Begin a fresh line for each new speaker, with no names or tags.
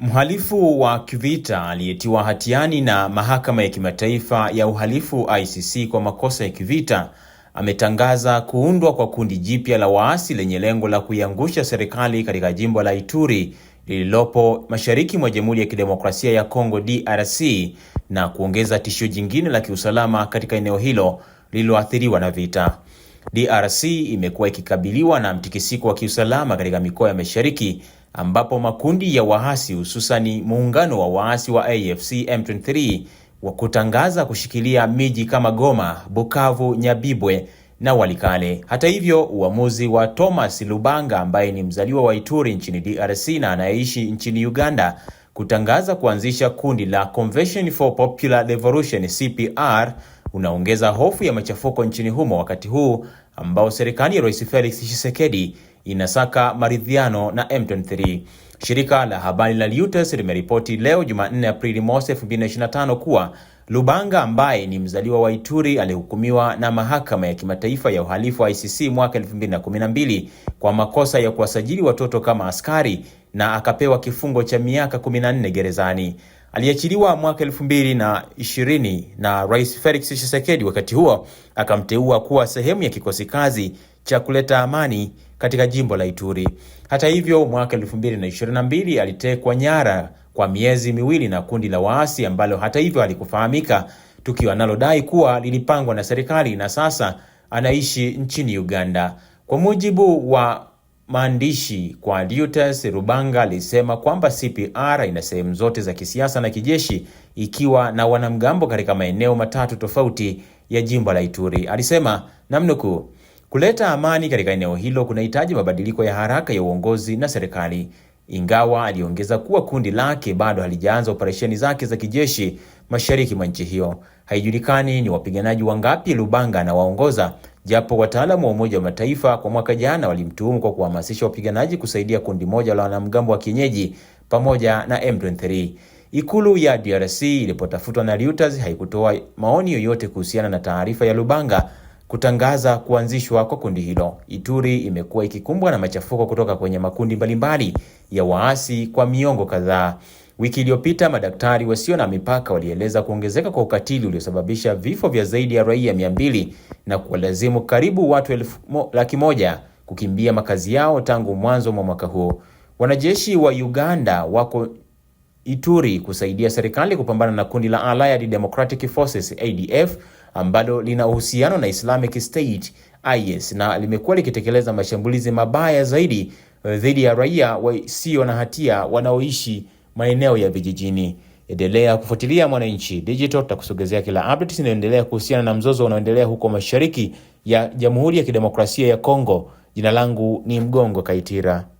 Mhalifu wa kivita aliyetiwa hatiani na Mahakama ya Kimataifa ya Uhalifu ICC kwa makosa ya kivita ametangaza kuundwa kwa kundi jipya la waasi lenye lengo la kuiangusha serikali katika jimbo la Ituri lililopo mashariki mwa Jamhuri ya Kidemokrasia ya Kongo DRC na kuongeza tishio jingine la kiusalama katika eneo hilo lililoathiriwa na vita. DRC imekuwa ikikabiliwa na mtikisiko wa kiusalama katika mikoa ya mashariki ambapo makundi ya waasi hususani muungano wa waasi wa AFC M23 wa kutangaza kushikilia miji kama Goma, Bukavu, Nyabibwe na Walikale. Hata hivyo, uamuzi wa Thomas Lubanga ambaye ni mzaliwa wa Ituri nchini DRC na anayeishi nchini Uganda kutangaza kuanzisha kundi la Convention for Popular Revolution CPR unaongeza hofu ya machafuko nchini humo wakati huu ambao serikali ya Rais Felix Tshisekedi inasaka maridhiano na M23. Shirika la habari la Reuters limeripoti leo Jumanne Aprili mosi 2025 kuwa Lubanga ambaye ni mzaliwa wa Ituri alihukumiwa na Mahakama ya Kimataifa ya Uhalifu wa ICC mwaka 2012 kwa makosa ya kuwasajili watoto kama askari na akapewa kifungo cha miaka 14 gerezani. Aliachiliwa mwaka 2020 na Rais Felix Tshisekedi wakati huo akamteua kuwa sehemu ya kikosi kazi cha kuleta amani katika jimbo la Ituri. Hata hivyo, mwaka 2022 alitekwa nyara kwa miezi miwili na kundi la waasi ambalo hata hivyo halikufahamika, tukio analodai kuwa lilipangwa na serikali na sasa anaishi nchini Uganda. Kwa mujibu wa maandishi kwa Reuters, Rubanga alisema kwamba CPR ina sehemu zote za kisiasa na kijeshi ikiwa na wanamgambo katika maeneo matatu tofauti ya jimbo la Ituri. Alisema namnukuu, Kuleta amani katika eneo hilo kunahitaji mabadiliko ya haraka ya uongozi na serikali. Ingawa aliongeza kuwa kundi lake bado halijaanza operesheni zake za kijeshi mashariki mwa nchi hiyo. Haijulikani ni wapiganaji wangapi Lubanga anawaongoza, japo wataalamu wa Umoja wa Mataifa kwa mwaka jana walimtuhumu kwa kuhamasisha wapiganaji kusaidia kundi moja la wanamgambo wa kienyeji pamoja na M23. Ikulu ya DRC ilipotafutwa na Reuters haikutoa maoni yoyote kuhusiana na taarifa ya Lubanga kutangaza kuanzishwa kwa kundi hilo. Ituri imekuwa ikikumbwa na machafuko kutoka kwenye makundi mbalimbali ya waasi kwa miongo kadhaa. Wiki iliyopita madaktari wasio na mipaka walieleza kuongezeka kwa ukatili uliosababisha vifo vya zaidi ya raia 200 na kuwalazimu karibu watu elfu laki moja kukimbia makazi yao tangu mwanzo mwa mwaka huo. Wanajeshi wa Uganda wako Ituri kusaidia serikali kupambana na kundi la Allied Democratic Forces ADF ambalo lina uhusiano na Islamic State IS na limekuwa likitekeleza mashambulizi mabaya zaidi dhidi ya raia wasio na hatia wanaoishi maeneo ya vijijini. Endelea kufuatilia Mwananchi Digital, takusogezea kila update inayoendelea kuhusiana na mzozo unaoendelea huko mashariki ya Jamhuri ya Kidemokrasia ya Kongo. Jina langu ni Mgongo Kaitira.